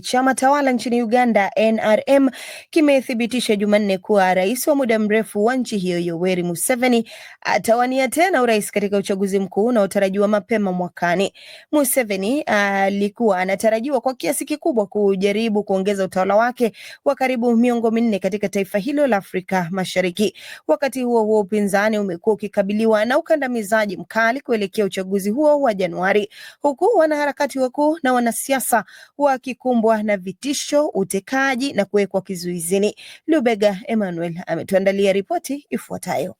Chama tawala nchini Uganda NRM kimethibitisha Jumanne kuwa rais wa muda mrefu wa nchi hiyo Yoweri Museveni atawania tena urais katika uchaguzi mkuu unaotarajiwa mapema mwakani. Museveni ah, alikuwa uh, anatarajiwa kwa kiasi kikubwa kujaribu kuongeza utawala wake wa karibu miongo minne katika taifa hilo la Afrika Mashariki. Wakati huo huo, upinzani umekuwa ukikabiliwa na ukandamizaji mkali kuelekea uchaguzi huo wa Januari, huku wanaharakati wakuu na wanasiasa wakikumbwa kukumbwa na vitisho, utekaji na kuwekwa kizuizini. Lubega Emmanuel ametuandalia ripoti ifuatayo.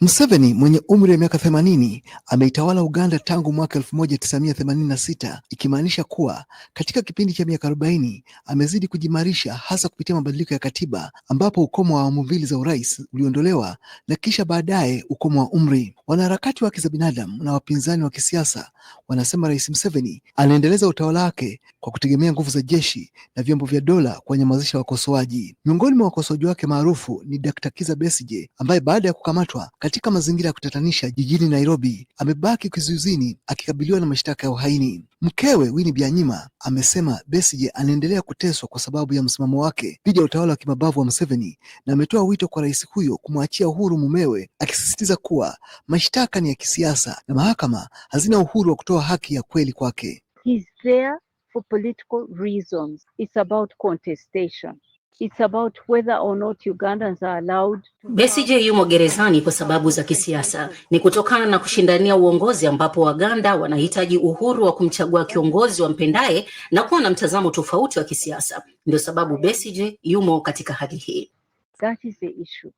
Museveni mwenye umri wa miaka 80 ameitawala Uganda tangu mwaka 1986 ikimaanisha kuwa katika kipindi cha miaka 40 amezidi kujimarisha hasa kupitia mabadiliko ya katiba ambapo ukomo wa awamu mbili za urais uliondolewa na kisha baadaye ukomo wa umri. Wanaharakati wa haki za binadamu na wapinzani wa kisiasa wanasema Rais Museveni anaendeleza utawala wake kwa kutegemea nguvu za jeshi na vyombo vya dola kuwanyamazisha wakosoaji. Miongoni mwa wakosoaji wake maarufu ni Dkt. Kizza Besigye ambaye baada ya kukamatwa katika mazingira ya kutatanisha jijini Nairobi amebaki kizuizini akikabiliwa na mashtaka ya uhaini. Mkewe Winnie Byanyima amesema Besigye anaendelea kuteswa kwa sababu ya msimamo wake dhidi ya utawala wa kimabavu wa Museveni na ametoa wito kwa rais huyo kumwachia uhuru mumewe, akisisitiza kuwa mashtaka ni ya kisiasa na mahakama hazina uhuru wa kutoa haki ya kweli kwake. He's there for political reasons. It's about contestation. It's about whether or not Ugandans are allowed Besigye yumo gerezani kwa sababu za kisiasa. Ni kutokana na kushindania uongozi ambapo Waganda wanahitaji uhuru wa kumchagua kiongozi wampendaye na kuwa na mtazamo tofauti wa kisiasa. Ndio sababu Besigye yumo katika hali hii. That is the issue.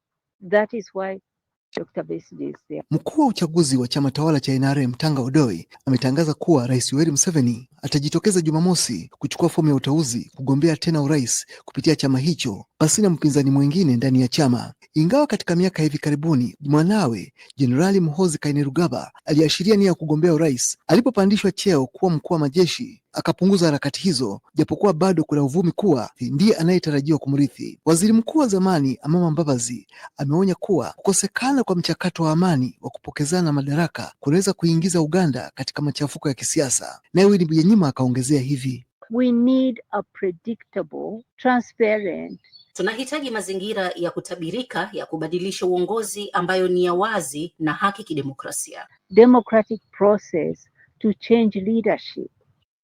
That is why Mkuu wa uchaguzi wa chama tawala cha NRM Tanga Odoi ametangaza kuwa Rais Yoweri Museveni atajitokeza Jumamosi kuchukua fomu ya uteuzi kugombea tena urais kupitia chama hicho pasina mpinzani mwingine ndani ya chama, ingawa katika miaka ya hivi karibuni mwanawe Jenerali Muhoozi Kainerugaba aliashiria nia ya kugombea urais alipopandishwa cheo kuwa mkuu wa majeshi akapunguza harakati hizo, japokuwa bado kuna uvumi kuwa ndiye anayetarajiwa kumrithi. Waziri mkuu wa zamani Amama Mbabazi ameonya kuwa kukosekana kwa mchakato wa amani wa kupokezana madaraka kunaweza kuingiza Uganda katika machafuko ya kisiasa. Naye Winnie Byanyima akaongezea hivi: We need a predictable, transparent tunahitaji mazingira ya kutabirika ya kubadilisha uongozi ambayo ni ya wazi na haki kidemokrasia. Democratic process to change leadership.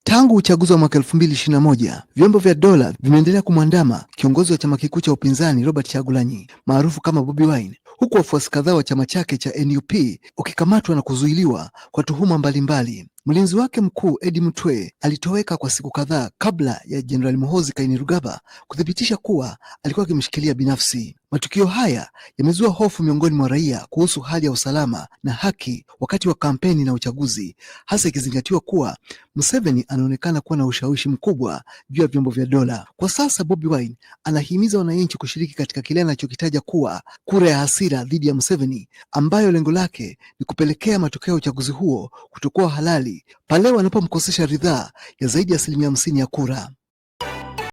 Tangu uchaguzi wa mwaka 2021 vyombo vya dola vimeendelea kumwandama kiongozi wa chama kikuu cha upinzani Robert Chagulanyi maarufu kama Bobi Wine, huku wafuasi kadhaa wa chama chake cha NUP ukikamatwa na kuzuiliwa kwa tuhuma mbalimbali. Mlinzi wake mkuu Edi Mtwe alitoweka kwa siku kadhaa kabla ya Jenerali Muhozi Kainerugaba kuthibitisha kuwa alikuwa akimshikilia binafsi. Matukio haya yamezua hofu miongoni mwa raia kuhusu hali ya usalama na haki wakati wa kampeni na uchaguzi, hasa ikizingatiwa kuwa Museveni anaonekana kuwa na ushawishi mkubwa juu ya vyombo vya dola. Kwa sasa, Bobi Wine anahimiza wananchi kushiriki katika kile anachokitaja kuwa kura ya hasira dhidi ya Museveni, ambayo lengo lake ni kupelekea matokeo ya uchaguzi huo kutokuwa halali pale wanapomkosesha ridhaa ya zaidi ya asilimia hamsini ya kura.